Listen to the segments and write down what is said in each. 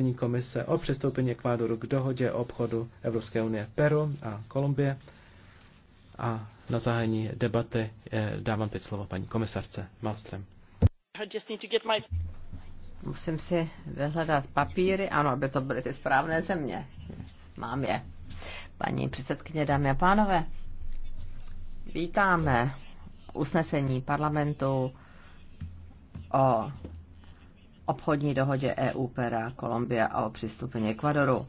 opatření komise o přistoupení Ekvádoru k dohodě o obchodu Evropské unie Peru a Kolumbie. A na zahájení debaty eh, dávám teď slovo paní komisařce Malstrem. Musím si vyhledat papíry, ano, aby to byly ty správné země. Mám je. Paní předsedkyně, dámy a pánové, vítáme usnesení parlamentu o obchodní dohodě EU Pera Kolumbia a o přistupení Ekvadoru.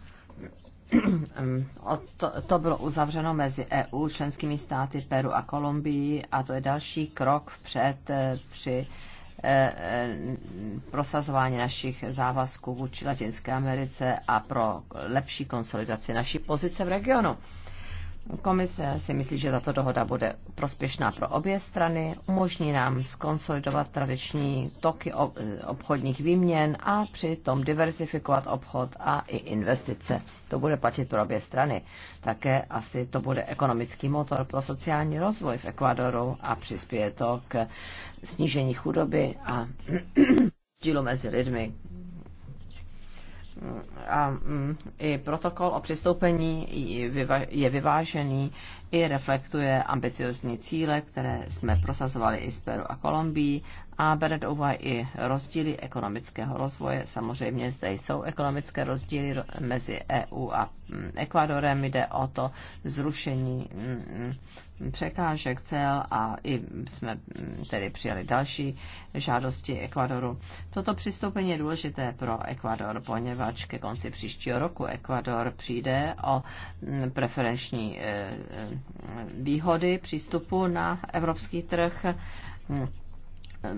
To, to bylo uzavřeno mezi EU, členskými státy Peru a Kolumbii a to je další krok vpřed eh, při eh, eh, prosazování našich závazků vůči Latinské Americe a pro lepší konsolidaci naší pozice v regionu. Komise si myslí, že tato dohoda bude prospěšná pro obě strany, umožní nám skonsolidovat tradiční toky obchodních výměn a přitom diversifikovat obchod a i investice. To bude platit pro obě strany. Také asi to bude ekonomický motor pro sociální rozvoj v Ekvadoru a přispěje to k snížení chudoby a dílu mezi lidmi a mm, i protokol o přistoupení je vyvážený i reflektuje ambiciozní cíle, které jsme prosazovali i s Peru a Kolumbií a bere do úvahy i rozdíly ekonomického rozvoje. Samozřejmě zde jsou ekonomické rozdíly mezi EU a mm, Ekvadorem. Jde o to zrušení mm, mm, překážek cel a i jsme tedy přijali další žádosti Ekvadoru. Toto přistoupení je důležité pro Ekvador, poněvadž ke konci příštího roku Ekvador přijde o preferenční e, e, výhody přístupu na evropský trh.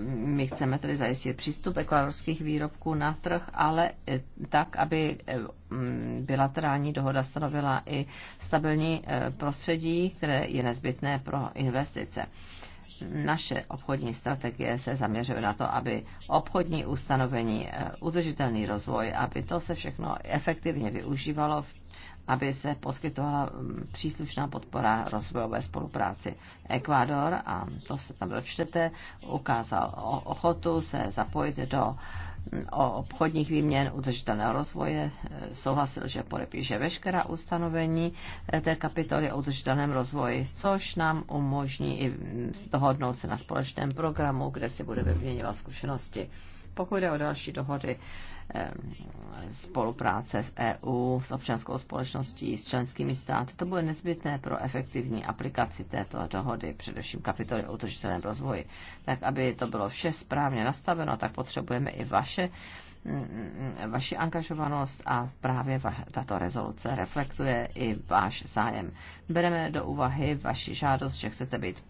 My chceme tedy zajistit přístup ekvadorských výrobků na trh, ale tak, aby mm, bilaterální dohoda stanovila i stabilní eh, prostředí, které je nezbytné pro investice. Naše obchodní strategie se zaměřuje na to, aby obchodní ustanovení, eh, udržitelný rozvoj, aby to se všechno efektivně využívalo, aby se poskytovala mm, příslušná podpora rozvojové spolupráci. Ekvádor, a to se tam dočtete, ukázal ochotu se zapojit do uh, o obchodních výměn udržitelného rozvoje eh, souhlasil, že podepíše veškerá ustanovení eh, té kapitoly o udržitelném rozvoji, což nám umožní i mm, dohodnout se na společném programu, kde si budeme vyměňovat zkušenosti. Pokud jde o další dohody, Eh, spolupráce s EU, s občanskou společností, s členskými státy. To bude nezbytné pro efektivní aplikaci této dohody, především kapitoly o utržitelném rozvoji. Tak, aby to bylo vše správně nastaveno, tak potřebujeme i vaše Mm, vaši angažovanost a právě tato rezoluce reflektuje i váš zájem. Bereme do úvahy vaši žádost, že chcete být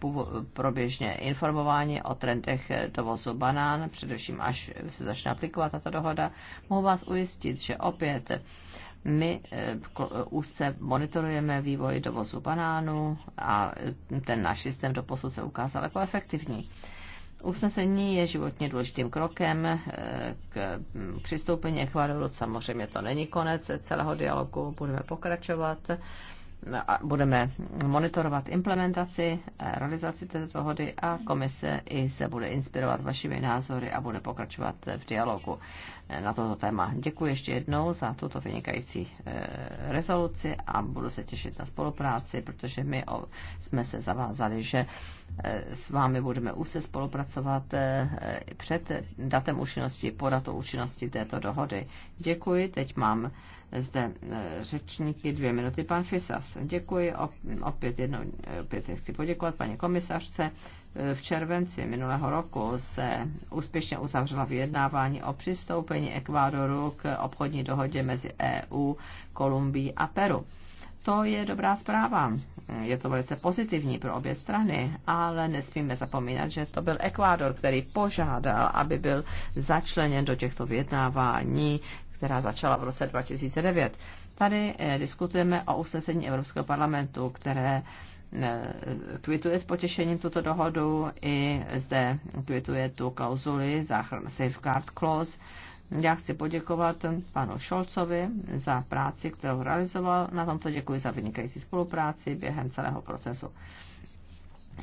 proběžně informováni o trendech dovozu banán, především až se začne aplikovat tato dohoda. Mohu vás ujistit, že opět my eh, úzce monitorujeme vývoj dovozu banánů a ten náš systém do posud se ukázal jako efektivní. Usnesení je životně důležitým krokem eh, k hm, přistoupení Ekvádoru. Samozřejmě to není konec celého dialogu, budeme pokračovat eh, a budeme monitorovat implementaci, eh, realizaci této dohody a komise i se bude inspirovat vašimi názory a bude pokračovat v dialogu na toto téma. Děkuji ještě jednou za tuto vynikající eh, rezoluci a budu se těšit na spolupráci, protože my jsme se zavázali, že eh, s vámi budeme úzce spolupracovat eh, před datem účinnosti, po datu účinnosti této dohody. Děkuji, teď mám zde řečníky dvě minuty. Pan Fisas, děkuji, opět jednou, opět chci poděkovat paní komisařce v červenci minulého roku se úspěšně uzavřela vyjednávání o přistoupení Ekvádoru k obchodní dohodě mezi EU, Kolumbií a Peru. To je dobrá zpráva. Je to velice pozitivní pro obě strany, ale nesmíme zapomínat, že to byl Ekvádor, který požádal, aby byl začleněn do těchto vyjednávání, která začala v roce 2009. Tady eh, diskutujeme o usnesení Evropského parlamentu, které eh, kvituje s potěšením tuto dohodu i zde kvituje tu klauzuli Safeguard Clause. Já chci poděkovat panu Šolcovi za práci, kterou realizoval. Na tomto děkuji za vynikající spolupráci během celého procesu.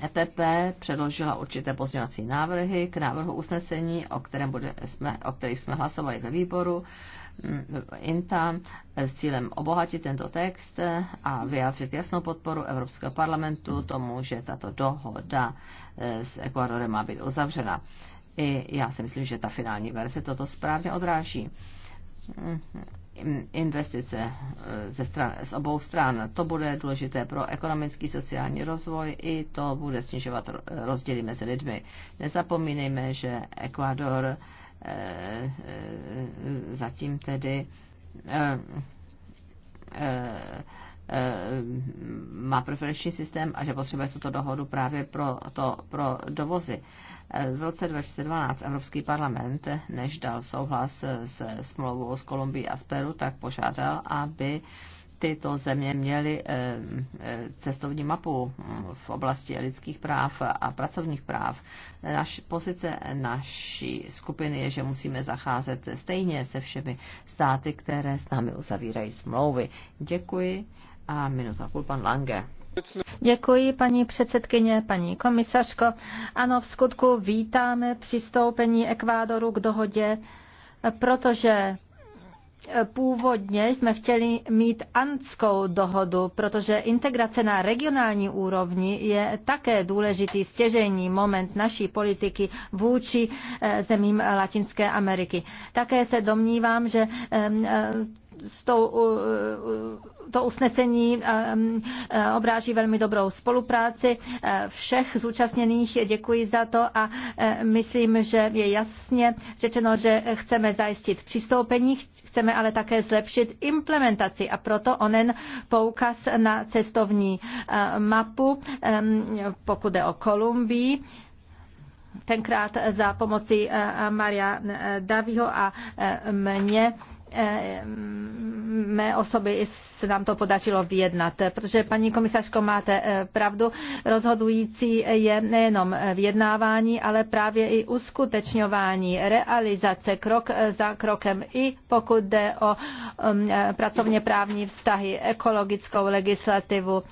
EPP předložila určité pozměňovací návrhy k návrhu usnesení, o, kterém bude, jsme, o kterých jsme hlasovali ve výboru. Mm, INTA s cílem obohatit tento text a vyjádřit jasnou podporu Evropského parlamentu tomu, že tato dohoda eh, s Ekvadorem má být uzavřena. I já si myslím, že ta finální verze toto správně odráží mm, investice eh, ze stran, z obou stran. To bude důležité pro ekonomický, sociální rozvoj i to bude snižovat rozdíly mezi lidmi. Nezapomínejme, že Ekvador Eh, eh, zatím tedy eh, má preferenční systém a že potřebuje tuto dohodu právě pro, to, pro dovozy. V roce 2012 Evropský parlament, než dal souhlas s smlouvou s Kolumbií a Speru, tak požádal, aby tyto země měly eh, eh, cestovní mapu v oblasti lidských práv a pracovních práv. Naš, pozice naší skupiny je, že musíme zacházet stejně se všemi státy, které s námi uzavírají smlouvy. Děkuji a minuta půl pan Lange. Děkuji, paní předsedkyně, paní komisařko. Ano, v skutku vítáme přistoupení Ekvádoru k dohodě, protože Původně jsme chtěli mít antskou dohodu, protože integrace na regionální úrovni je také důležitý stěžení moment naší politiky vůči eh, zemím Latinské Ameriky. Také se domnívám, že eh, s tou, to usnesení eh, mm, eh, obráží velmi dobrou spolupráci eh, všech zúčastněných. Děkuji za to a myslím, že je jasně řečeno, že chceme zajistit přistoupení, chceme ale také zlepšit implementaci a proto onen poukaz na cestovní mapu, pokud jde o Kolumbii, tenkrát za pomoci Maria Davího a mě Eh, mé osoby se nám to podařilo vyjednat, protože paní komisařko máte eh, pravdu, rozhodující je nejenom vyjednávání, ale právě i uskutečňování, realizace krok eh, za krokem, i pokud jde o mm, pracovně právní vztahy, ekologickou legislativu,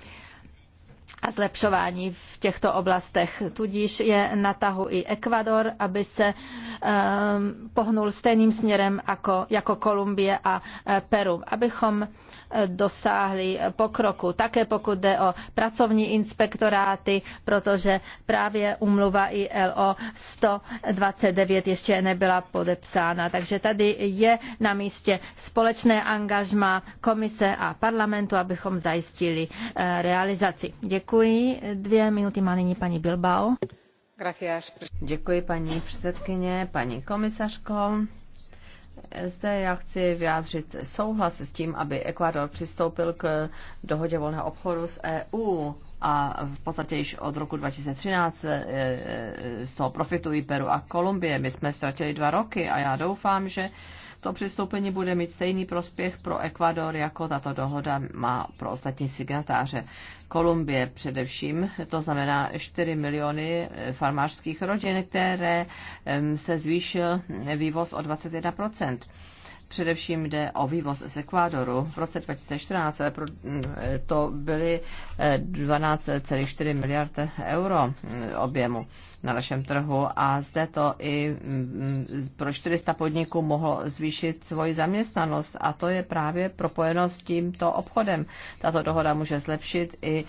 a zlepšování v těchto oblastech. Tudíž je na tahu i Ekvador, aby se um, pohnul stejným směrem jako, jako Kolumbie a e, Peru. Abychom dosáhli pokroku. Také pokud jde o pracovní inspektoráty, protože právě umluva ILO 129 ještě nebyla podepsána. Takže tady je na místě společné angažma komise a parlamentu, abychom zajistili eh, realizaci. Děkuji. Dvě minuty má nyní paní Bilbao. Děkuji paní předsedkyně, paní komisařko. Zde já chci vyjádřit souhlas s tím, aby Ekvádor přistoupil k dohodě volného obchodu s EU a v podstatě již od roku 2013 eh, eh, z toho profitují Peru a Kolumbie. My jsme ztratili dva roky a já doufám, že to přistoupení bude mít stejný prospěch pro Ekvador, jako tato dohoda má pro ostatní signatáře. Kolumbie především, to znamená 4 miliony eh, farmářských rodin, které se zvýšil vývoz o 21 Především jde o vývoz z Ekvádoru. V roce 2014 to byly 12,4 eh, miliard euro eh, objemu na našem trhu a zde to i mm, pro 400 podniků mohlo zvýšit svoji zaměstnanost a to je právě propojeno s tímto obchodem. Tato dohoda může zlepšit i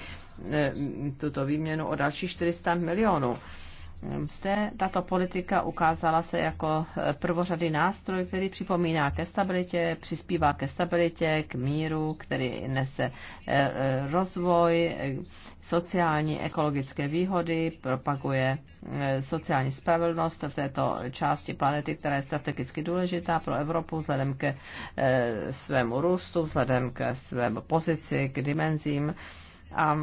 eh, tuto výměnu o další 400 milionů. Zde tato politika ukázala se jako eh, prvořadý nástroj, který připomíná ke stabilitě, přispívá ke stabilitě, k míru, který nese eh, eh, rozvoj, sociální, ekologické výhody, propaguje sociální spravedlnost v této části planety, která je strategicky důležitá pro Evropu vzhledem ke svému růstu, vzhledem ke svému pozici, k dimenzím. A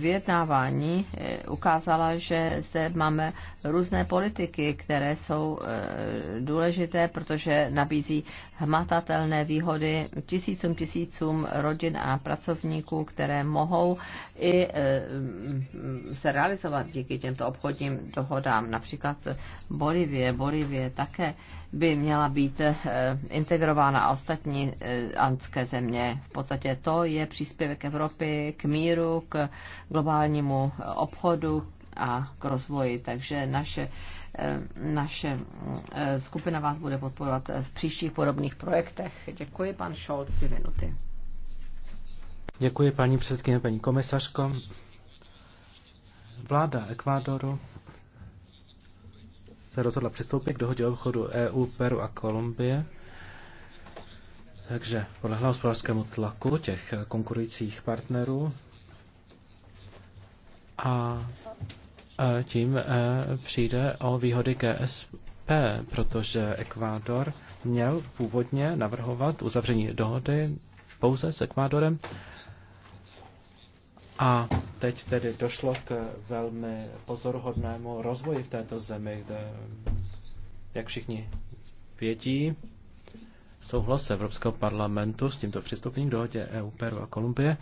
vyjednávání eh, ukázala, že zde máme různé politiky, které jsou eh, důležité, protože nabízí hmatatelné výhody tisícům tisícům rodin a pracovníků, které mohou i eh, mm, se realizovat díky těmto obchodním dohodám. Například Bolivie. Bolivie také by měla být integrována a ostatní andské země. V podstatě to je příspěvek Evropy k míru, k globálnímu obchodu a k rozvoji. Takže naše, eh, naše eh, skupina vás bude podporovat v příštích podobných projektech. Děkuji, pan Scholz, dvě minuty. Děkuji, paní předsedkyně, paní komisařko. Vláda Ekvádoru se rozhodla přistoupit k dohodě obchodu EU, Peru a Kolumbie. Takže podlehla hospodářskému tlaku těch konkurujících partnerů a e, tím e, přijde o výhody GSP, protože Ekvádor měl původně navrhovat uzavření dohody pouze s Ekvádorem a teď tedy došlo k velmi pozoruhodnému rozvoji v této zemi, kde, jak všichni vědí, souhlas Evropského parlamentu s tímto přistoupením k dohodě EU, Peru a Kolumbie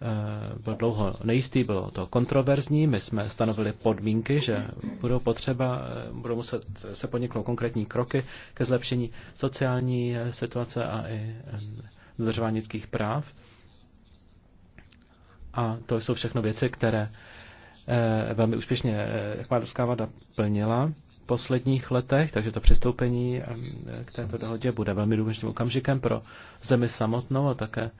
Eh, byl dlouho nejistý, bylo to kontroverzní. My jsme stanovili podmínky, že budou potřeba, eh, budou muset se podniknout konkrétní kroky ke zlepšení sociální eh, situace a i dodržování lidských práv. A to jsou všechno věci, které velmi úspěšně Ekvádorská vada plnila v posledních letech, takže to přistoupení k této dohodě bude velmi důležitým okamžikem pro zemi samotnou a také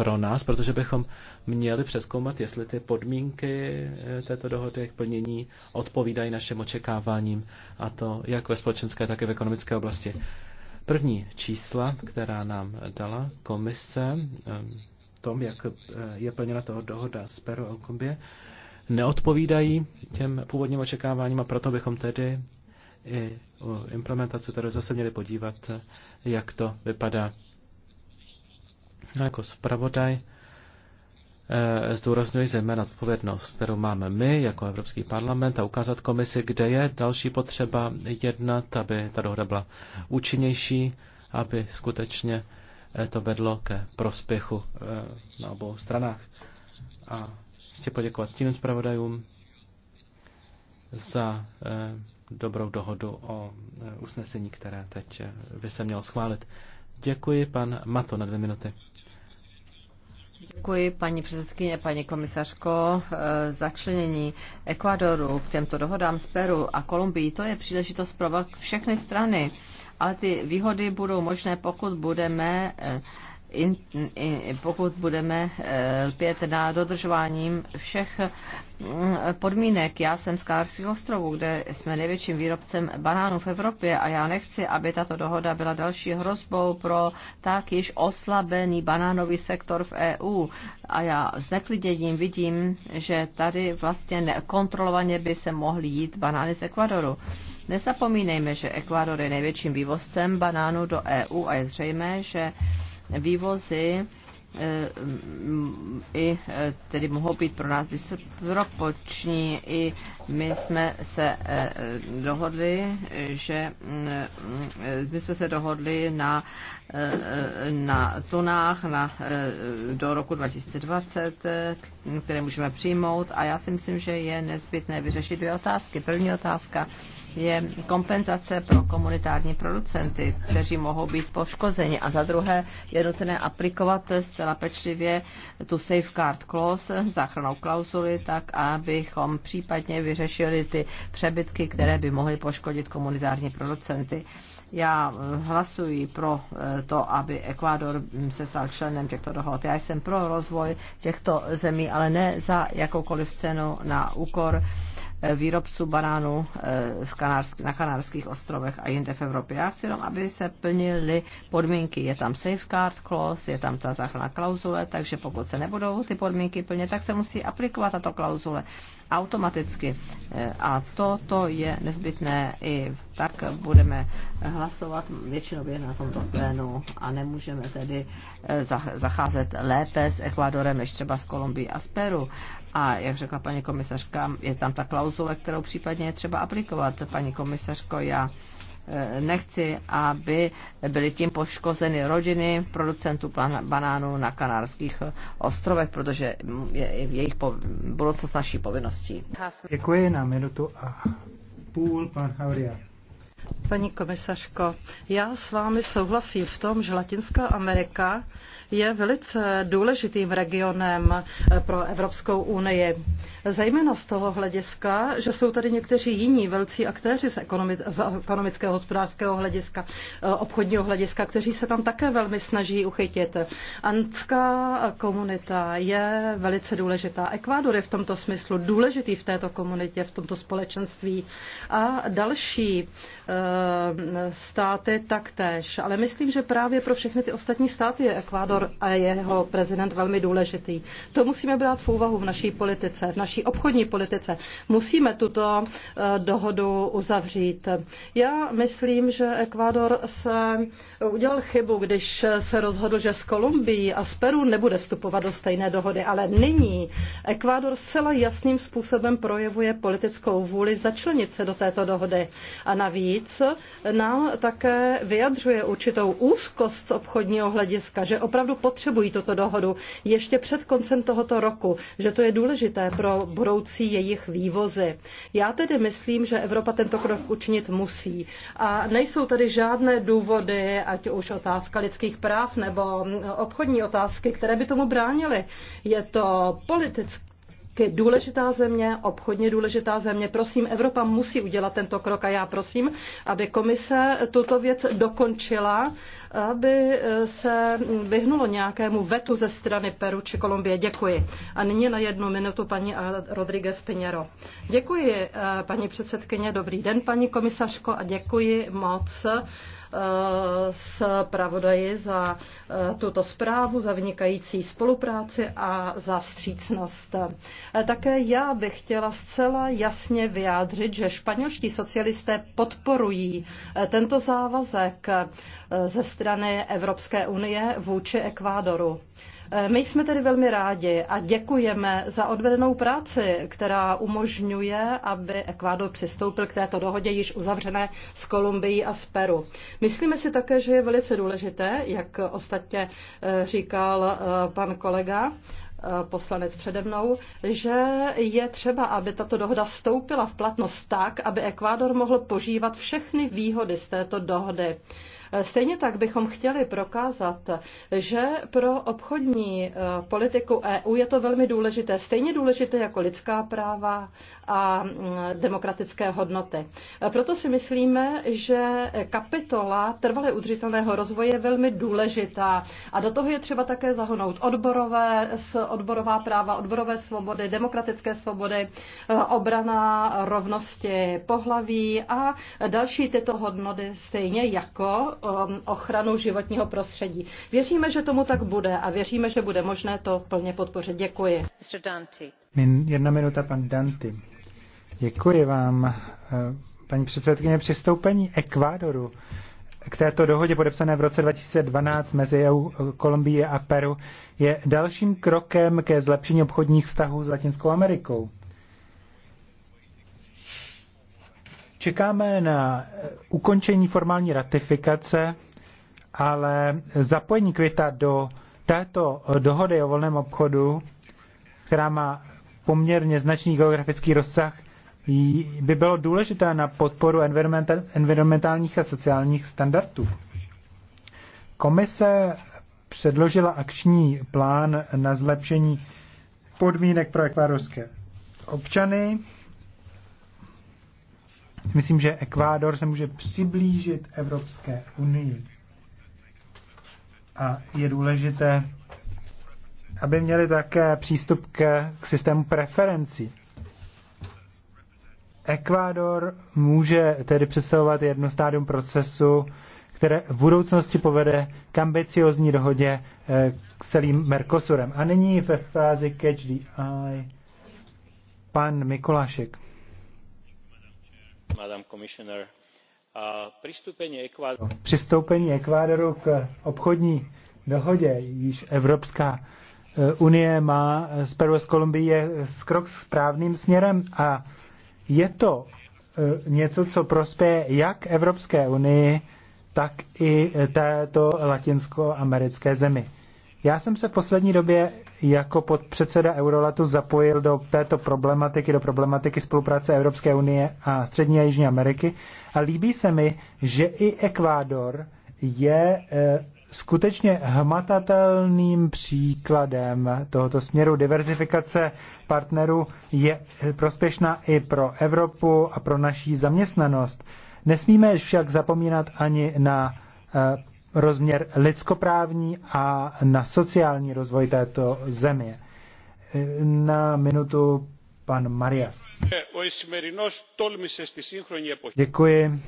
pro nás, protože bychom měli přeskoumat, jestli ty podmínky eh, této dohody, jejich plnění odpovídají našim očekáváním, a to jak ve společenské, tak i v ekonomické oblasti. První čísla, která nám dala komise, eh, tom, jak eh, je plněna toho dohoda s Peru a Kolumbie, neodpovídají těm původním očekáváním a proto bychom tedy i u implementace tady zase měli podívat, jak to vypadá já no, jako zpravodaj eh, zdůrazňuji zejména zodpovědnost, kterou máme my jako Evropský parlament a ukázat komisi, kde je další potřeba jednat, aby ta dohoda byla účinnější, aby skutečně eh, to vedlo ke prospěchu eh, na obou stranách. A chci poděkovat stínovým zpravodajům za dobrou dohodu o usnesení, které teď by se mělo schválit. Děkuji, pan Mato, na dvě minuty. Děkuji, paní předsedkyně, paní komisařko. Eh, Začlenění Ekvadoru k těmto dohodám z Peru a Kolumbii, to je příležitost pro všechny strany. Ale ty výhody budou možné, pokud budeme eh, in, in, pokud budeme e, lpět na dodržováním všech podmínek. Já jsem z Kárských ostrovů, kde jsme největším výrobcem banánů v Evropě a já nechci, aby tato dohoda byla další hrozbou pro tak již oslabený banánový sektor v EU. A já s nekliděním vidím, že tady vlastně nekontrolovaně by se mohly jít banány z Ekvadoru. Nezapomínejme, že Ekvador je největším vývozcem banánů do EU a je zřejmé, že vývozy eh, i eh, tedy mohou být pro nás disproporční. I my jsme se eh, dohodli, že mm, my jsme se dohodli na na tunách na, eh, do roku 2020, eh, které můžeme přijmout. A já si myslím, že je nezbytné vyřešit dvě otázky. První otázka je kompenzace pro komunitární producenty, kteří mohou být poškozeni. A za druhé je nutné aplikovat zcela pečlivě tu safeguard clause, záchranou klauzuli, tak abychom případně vyřešili ty přebytky, které by mohly poškodit komunitární producenty. Já hlasuji pro eh, to, aby Ekvádor se stal členem těchto dohod. Já jsem pro rozvoj těchto zemí, ale ne za jakoukoliv cenu na úkor eh, výrobců banánů eh, v Kanársk, na Kanárských ostrovech a jinde v Evropě. Já chci jenom, aby se plnily podmínky. Je tam safeguard clause, je tam ta záchranná klauzule, takže pokud se nebudou ty podmínky plně, tak se musí aplikovat tato klauzule automaticky. Eh, a toto to je nezbytné i v tak budeme hlasovat většinově na tomto plénu a nemůžeme tedy eh, zacházet lépe s Ekvádorem než třeba s Kolumbií a s Peru. A jak řekla paní komisařka, je tam ta klauzule, kterou případně je třeba aplikovat. Paní komisařko, já eh, nechci, aby byly tím poškozeny rodiny producentů banánů na kanárských eh, ostrovech, protože je v jejich pov... budoucnost naší povinností. Děkuji na minutu a půl, pan Havriar. Paní komisařko, já s vámi souhlasím v tom, že Latinská Amerika je velice důležitým regionem pro Evropskou unii. Zejména z toho hlediska, že jsou tady někteří jiní velcí aktéři z, ekonomického, hospodářského hlediska, obchodního hlediska, kteří se tam také velmi snaží uchytit. Andská komunita je velice důležitá. Ekvádor je v tomto smyslu důležitý v této komunitě, v tomto společenství a další eh, státy taktéž. Ale myslím, že právě pro všechny ty ostatní státy je Ekvádor sektor a jeho prezident velmi důležitý. To musíme brát v úvahu v naší politice, v naší obchodní politice. Musíme tuto eh, dohodu uzavřít. Já myslím, že Ekvádor se udělal chybu, když se rozhodl, že s Kolumbií a s Peru nebude vstupovat do stejné dohody, ale nyní Ekvádor zcela jasným způsobem projevuje politickou vůli začlenit se do této dohody. A navíc nám také vyjadřuje určitou úzkost z obchodního hlediska, že opravdu opravdu potřebují tuto dohodu ještě před koncem tohoto roku, že to je důležité pro budoucí jejich vývozy. Já tedy myslím, že Evropa tento krok učinit musí. A nejsou tady žádné důvody, ať už otázka lidských práv nebo obchodní otázky, které by tomu bránily. Je to politický důležitá země, obchodně důležitá země. Prosím, Evropa musí udělat tento krok a já prosím, aby komise tuto věc dokončila, aby se vyhnulo nějakému vetu ze strany Peru či Kolumbie. Děkuji. A nyní na jednu minutu paní Rodriguez Pinero. Děkuji, eh, paní předsedkyně, dobrý den, paní komisařko, a děkuji moc s pravodaji za eh, tuto zprávu, za vynikající spolupráci a za vstřícnost. Eh, také já bych chtěla zcela jasně vyjádřit, že španělští socialisté podporují eh, tento závazek ze strany Evropské unie vůči Ekvádoru. Eh, my jsme tedy velmi rádi a děkujeme za odvedenou práci, která umožňuje, aby Ekvádor přistoupil k této dohodě již uzavřené s Kolumbií a s Peru. Myslíme si také, že je velice důležité, jak ostatně eh, říkal eh, pan kolega, poslanec přede mnou, že je třeba, aby tato dohoda vstoupila v platnost tak, aby Ekvádor mohl požívat všechny výhody z této dohody. Stejně tak bychom chtěli prokázat, že pro obchodní eh, politiku EU je to velmi důležité, stejně důležité jako lidská práva a mm, demokratické hodnoty. Proto si myslíme, že kapitola trvalé udržitelného rozvoje je velmi důležitá a do toho je třeba také zahonout odborové, odborová práva, odborové svobody, demokratické svobody, e, obrana rovnosti pohlaví a další tyto hodnoty stejně jako um, ochranu životního prostředí. Věříme, že tomu tak bude a věříme, že bude možné to plně podpořit. Děkuji. Jedna minuta, pan Danty. Děkuji vám, eh, paní předsedkyně. Přistoupení Ekvádoru k této dohodě podepsané v roce 2012 mezi EU, Kolumbie a Peru je dalším krokem ke zlepšení obchodních vztahů s Latinskou Amerikou. Čekáme na eh, ukončení formální ratifikace, ale zapojení Kvita do této dohody o volném obchodu, která má poměrně značný geografický rozsah, by bylo důležité na podporu environmentálních a sociálních standardů. Komise předložila akční plán na zlepšení podmínek pro ekvádorské občany. Myslím, že Ekvádor se může přiblížit Evropské unii. A je důležité, aby měli také přístup k, k systému preferencí. Ekvádor může tedy představovat jedno stádium procesu, které v budoucnosti povede k ambiciozní dohodě k eh, celým Mercosurem. A nyní ve fázi Catch the Eye pan Mikolášek. Madam Commissioner, přistoupení Ekvádoru... přistoupení Ekvádoru k obchodní dohodě, již Evropská eh, unie má eh, s Peru a s Kolumbií je krok správným směrem a je to e, něco, co prospěje jak Evropské unii, tak i této latinskoamerické zemi. Já jsem se v poslední době jako podpředseda Eurolatu zapojil do této problematiky, do problematiky spolupráce Evropské unie a Střední a Jižní Ameriky a líbí se mi, že i Ekvádor je e, skutečně hmatatelným příkladem tohoto směru diverzifikace partnerů je prospěšná i pro Evropu a pro naší zaměstnanost. Nesmíme však zapomínat ani na eh, rozměr lidskoprávní a na sociální rozvoj této země. Eh, na minutu pan Marias. Děkuji,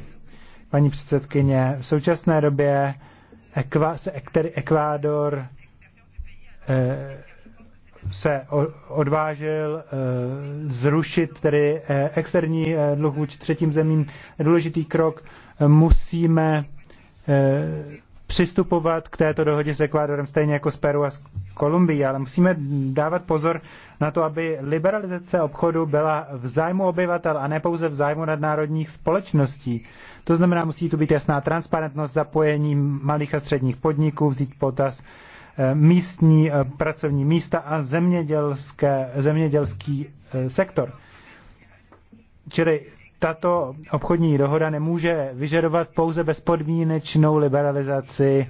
paní předsedkyně. V současné době Ekva, se, který Ekvádor eh, se odvážil eh, zrušit tedy eh, externí dluh vůči třetím zemím. Důležitý krok musíme přistupovat k této dohodě s Ekvádorem stejně jako s Peru a s Kolumbii, ale musíme dávat pozor na to, aby liberalizace obchodu byla v zájmu obyvatel a ne pouze v zájmu nadnárodních společností. To znamená, musí tu být jasná transparentnost zapojení malých a středních podniků, vzít potaz eh, místní eh, pracovní místa a zemědělské, zemědělský eh, sektor. Čili tato obchodní dohoda nemůže vyžadovat pouze bezpodmínečnou liberalizaci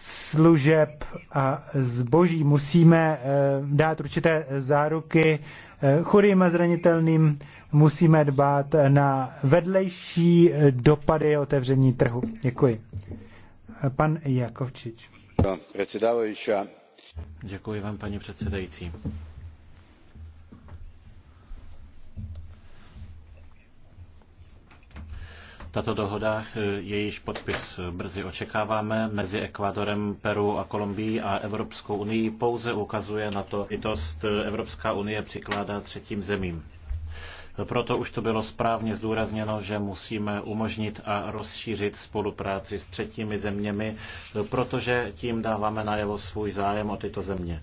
služeb a zboží. Musíme eh, dát určité záruky eh, chudým a zranitelným, musíme dbát na vedlejší eh, dopady otevření trhu. Děkuji. Pan Jakovčič. Děkuji vám, paní předsedající Tato dohoda, eh, jejíž podpis eh, brzy očekáváme mezi Ekvádorem, Peru a Kolumbií a Evropskou unii, pouze ukazuje na to, i itost eh, Evropská unie přikládá třetím zemím. Proto už to bylo správně zdůrazněno, že musíme umožnit a rozšířit spolupráci s třetími zeměmi, protože tím dáváme najevo svůj zájem o tyto země.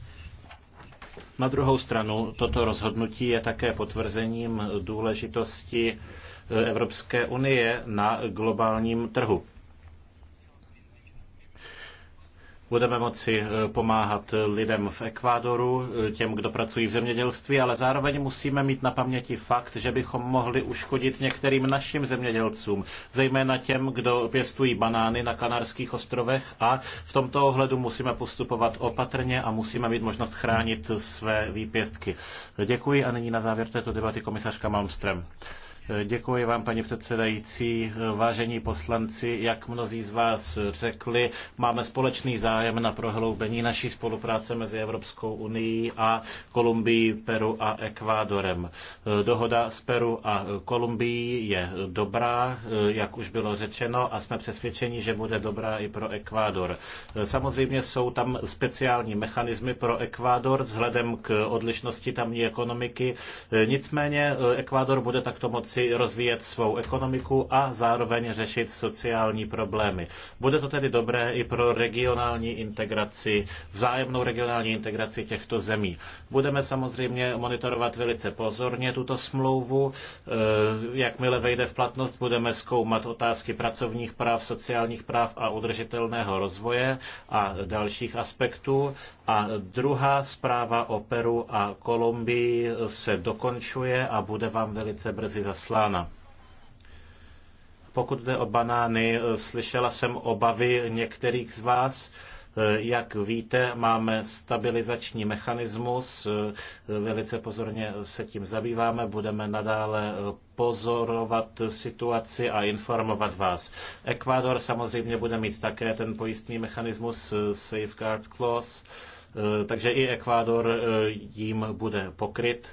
Na druhou stranu, toto rozhodnutí je také potvrzením důležitosti Evropské unie na globálním trhu. Budeme moci eh, pomáhat lidem v Ekvádoru, eh, těm, kdo pracují v zemědělství, ale zároveň musíme mít na paměti fakt, že bychom mohli uškodit některým našim zemědělcům, zejména těm, kdo pěstují banány na Kanárských ostrovech a v tomto ohledu musíme postupovat opatrně a musíme mít možnost chránit své výpěstky. Děkuji a nyní na závěr této debaty komisařka Malmström. Děkuji vám, paní předsedající. Vážení poslanci, jak mnozí z vás řekli, máme společný zájem na prohloubení naší spolupráce mezi Evropskou unii a Kolumbií, Peru a Ekvádorem. Dohoda s Peru a Kolumbií je dobrá, jak už bylo řečeno, a jsme přesvědčeni, že bude dobrá i pro Ekvádor. Samozřejmě jsou tam speciální mechanismy pro Ekvádor vzhledem k odlišnosti tamní ekonomiky. Nicméně Ekvádor bude takto moci moci rozvíjet svou ekonomiku a zároveň řešit sociální problémy. Bude to tedy dobré i pro regionální integraci, vzájemnou regionální integraci těchto zemí. Budeme samozřejmě monitorovat velice pozorně tuto smlouvu. Eh, jakmile vejde v platnost, budeme zkoumat otázky pracovních práv, sociálních práv a udržitelného rozvoje a dalších aspektů a druhá zpráva o Peru a Kolumbii se dokončuje a bude vám velice brzy zaslána. Pokud jde o banány, slyšela jsem obavy některých z vás. Jak víte, máme stabilizační mechanismus, velice pozorně se tím zabýváme, budeme nadále pozorovat situaci a informovat vás. Ekvádor samozřejmě bude mít také ten pojistný mechanismus Safeguard Clause Eh, takže i Ekvádor eh, jim bude pokryt.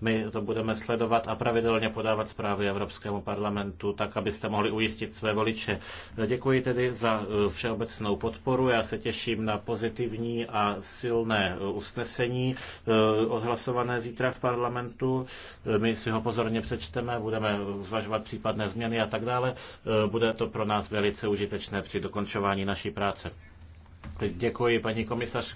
My to budeme sledovat a pravidelně podávat zprávy Evropskému parlamentu, tak abyste mohli ujistit své voliče. Eh, děkuji tedy za všeobecnou podporu. Já se těším na pozitivní a silné usnesení odhlasované zítra v parlamentu. My si ho pozorně přečteme, budeme zvažovat případné změny a tak dále. Bude to pro nás velice užitečné při dokončování naší práce. Děkuji paní komisař